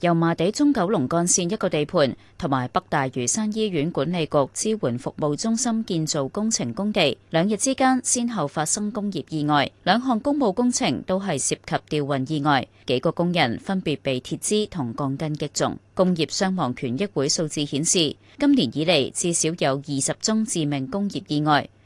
油麻地中九龍幹線一個地盤，同埋北大嶼山醫院管理局支援服務中心建造工程工地。兩日之間先後發生工業意外，兩項工務工程都係涉及吊運意外，幾個工人分別被鐵枝同鋼筋擊中。工業傷亡權益會數字顯示，今年以嚟至少有二十宗致命工業意外。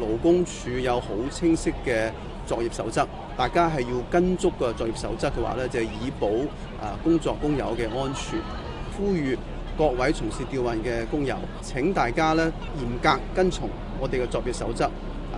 勞工處有好清晰嘅作業守則，大家係要跟足個作業守則嘅話呢，就係以保啊工作工友嘅安全。呼籲各位從事吊運嘅工友，請大家呢，嚴格跟從我哋嘅作業守則，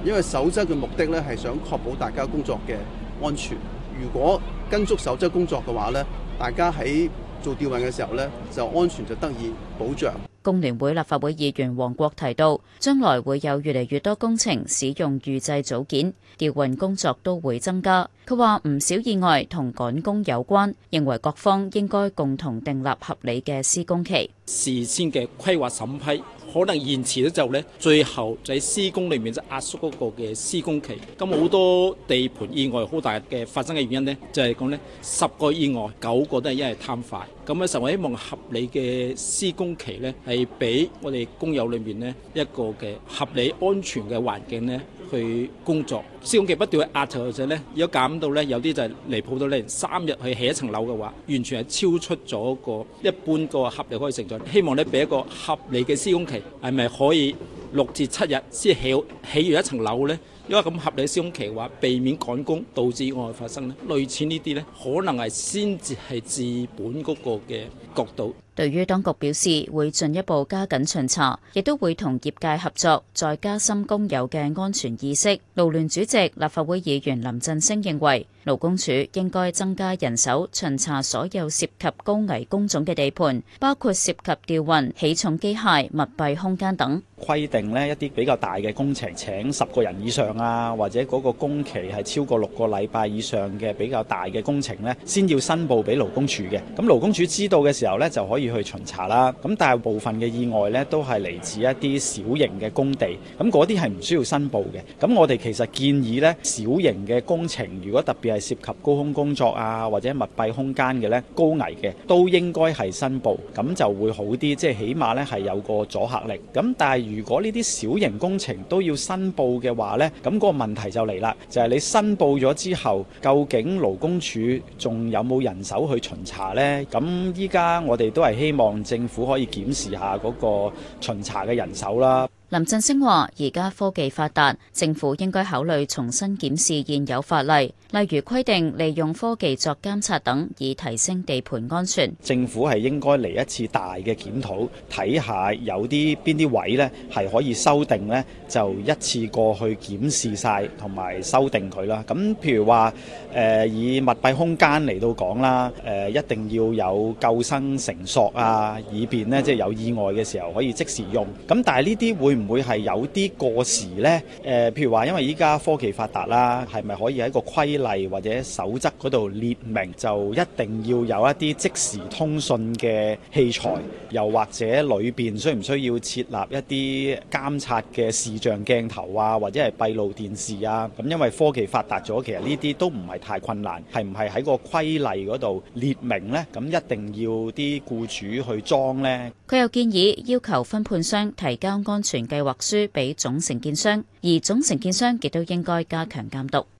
因為守則嘅目的呢，係想確保大家工作嘅安全。如果跟足守則工作嘅話呢，大家喺做吊運嘅時候呢，就安全就得以保障。工聯會立法會議員黃國提到，將來會有越嚟越多工程使用預製組件，調運工作都會增加。佢話唔少意外同趕工有關，認為各方應該共同訂立合理嘅施工期，事先嘅規劃審批可能延遲咗就咧，最後就喺施工裏面就壓縮嗰個嘅施工期。咁好多地盤意外好大嘅發生嘅原因咧，就係講咧，十個意外九個都係因為貪快。咁啊，所以我希望合理嘅施工期咧係係俾我哋工友裏面呢一個嘅合理安全嘅環境呢去工作，施工期不斷去壓頭就就呢，如果減到呢，有啲就係離譜到呢三日去起一層樓嘅話，完全係超出咗個一般個合理可以承載。希望呢俾一個合理嘅施工期，係咪可以六至七日先起起完一層樓呢？因為咁合理施工期嘅話，避免趕工導致意外發生咧，類似呢啲咧，可能係先至係治本嗰個嘅角度。對於當局表示會進一步加緊巡查，亦都會同業界合作，再加深工友嘅安全意識。勞聯主席立法會議員林振昇認為，勞工署應該增加人手巡查所有涉及高危工種嘅地盤，包括涉及吊運、起重機械、密閉空間等。規定咧一啲比較大嘅工程請十個人以上。啊，或者嗰個工期係超過六個禮拜以上嘅比較大嘅工程呢，先要申報俾勞工處嘅。咁勞工處知道嘅時候呢，就可以去巡查啦。咁大部分嘅意外呢，都係嚟自一啲小型嘅工地。咁嗰啲係唔需要申報嘅。咁我哋其實建議呢，小型嘅工程，如果特別係涉及高空工作啊，或者密閉空間嘅呢，高危嘅，都應該係申報，咁就會好啲，即係起碼呢係有個阻嚇力。咁但係如果呢啲小型工程都要申報嘅話呢。咁、那個問題就嚟啦，就係、是、你申報咗之後，究竟勞工處仲有冇人手去巡查呢？咁依家我哋都係希望政府可以檢視下嗰個巡查嘅人手啦。林振昇話：而家科技發達，政府應該考慮重新檢視現有法例，例如規定利用科技作監察等，以提升地盤安全。政府係應該嚟一次大嘅檢討，睇下有啲邊啲位咧係可以修訂咧，就一次過去檢視晒同埋修訂佢啦。咁譬如話誒、呃、以密閉空間嚟到講啦，誒、呃、一定要有救生繩索啊，以便咧即係有意外嘅時候可以即時用。咁但係呢啲會。唔會係有啲過時咧？誒，譬如話，因為依家科技發達啦，係咪可以喺個規例或者守則嗰度列明，就一定要有一啲即時通訊嘅器材，又或者裏邊需唔需要設立一啲監察嘅視像鏡頭啊，或者係閉路電視啊？咁因為科技發達咗，其實呢啲都唔係太困難，係唔係喺個規例嗰度列明咧？咁一定要啲僱主去裝咧？佢又建議要求分判商提交安全。計劃書俾總承建商，而總承建商亦都應該加強監督。